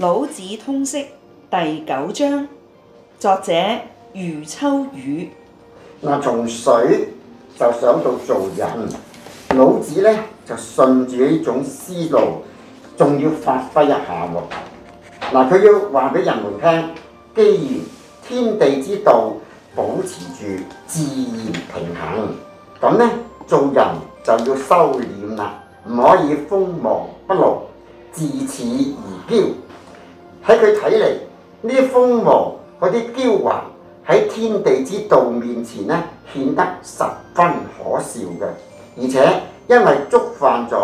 老子通識第九章，作者余秋雨。嗱，從水就想到做人。老子咧就順住呢種思路，仲要發揮一下喎。嗱，佢要話俾人們聽，既然天地之道保持住自然平衡，咁咧做人就要收斂啦，唔可以鋒芒不露，自此而驕。喺佢睇嚟，呢啲風芒嗰啲嬌華喺天地之道面前呢，顯得十分可笑嘅。而且因為觸犯咗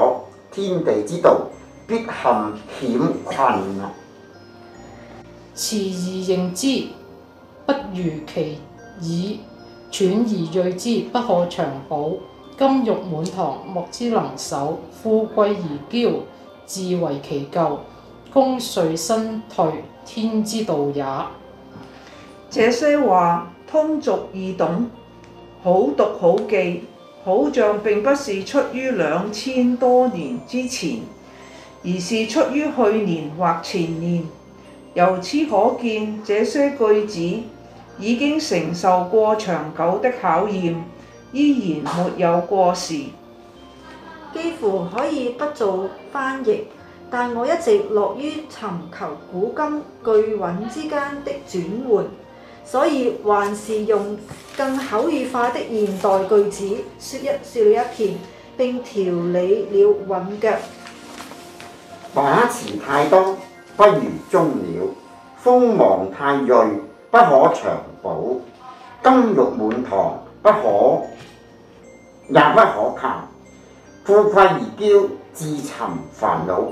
天地之道，必陷險困啊！恃而盈之，不如其已；喘而睿之，不可長保。金玉滿堂，莫之能守；富貴而驕，自為其咎。功遂身退，天之道也。這些話通俗易懂，好讀好記，好像並不是出於兩千多年之前，而是出於去年或前年。由此可見，這些句子已經承受過長久的考驗，依然沒有過時，幾乎可以不做翻譯。但我一直樂於尋求古今句韻之間的轉換，所以還是用更口語化的現代句子説一説了一遍，並調理了韻腳。把持太多，不如終了；鋒芒太鋭，不可長保。金玉滿堂，不可，也不可靠。富貴而驕，自尋煩惱。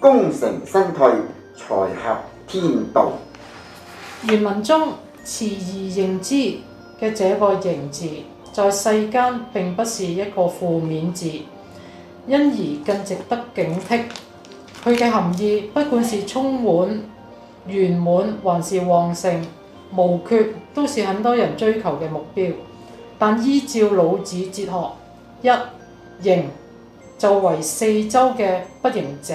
功成身退，才合天道。原文中“持而盈之”嘅這個“盈”字，在世間並不是一個負面字，因而更值得警惕。佢嘅含義，不管是充滿、圓滿，還是旺盛、無缺，都是很多人追求嘅目標。但依照老子哲學，一盈就為四周嘅不盈者。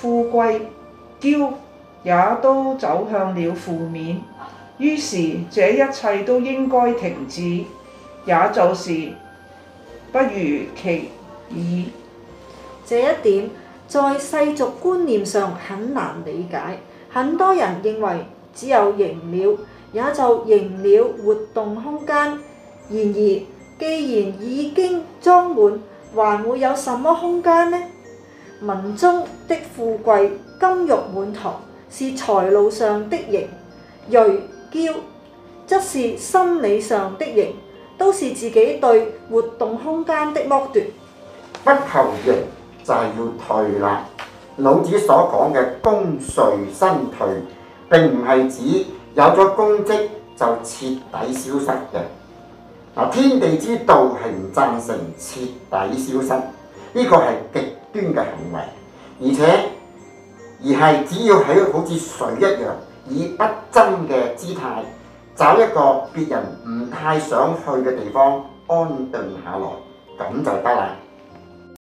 富貴驕也都走向了負面，於是這一切都應該停止，也就是不如其已。這一點在世俗觀念上很難理解，很多人認為只有贏了，也就贏了活動空間。然而既然已經裝滿，還會有什麼空間呢？文中的富貴金玉滿堂是財路上的盈，銳驕則是心理上的盈，都是自己對活動空間的剝奪。不求盈就係要退啦。老子所講嘅功遂身退，並唔係指有咗功績就徹底消失嘅。嗱，天地之道係唔贊成徹底消失。呢個係極端嘅行為，而且，而係只要喺好似水一樣，以不爭嘅姿態，找一個別人唔太想去嘅地方安頓下來，咁就得啦。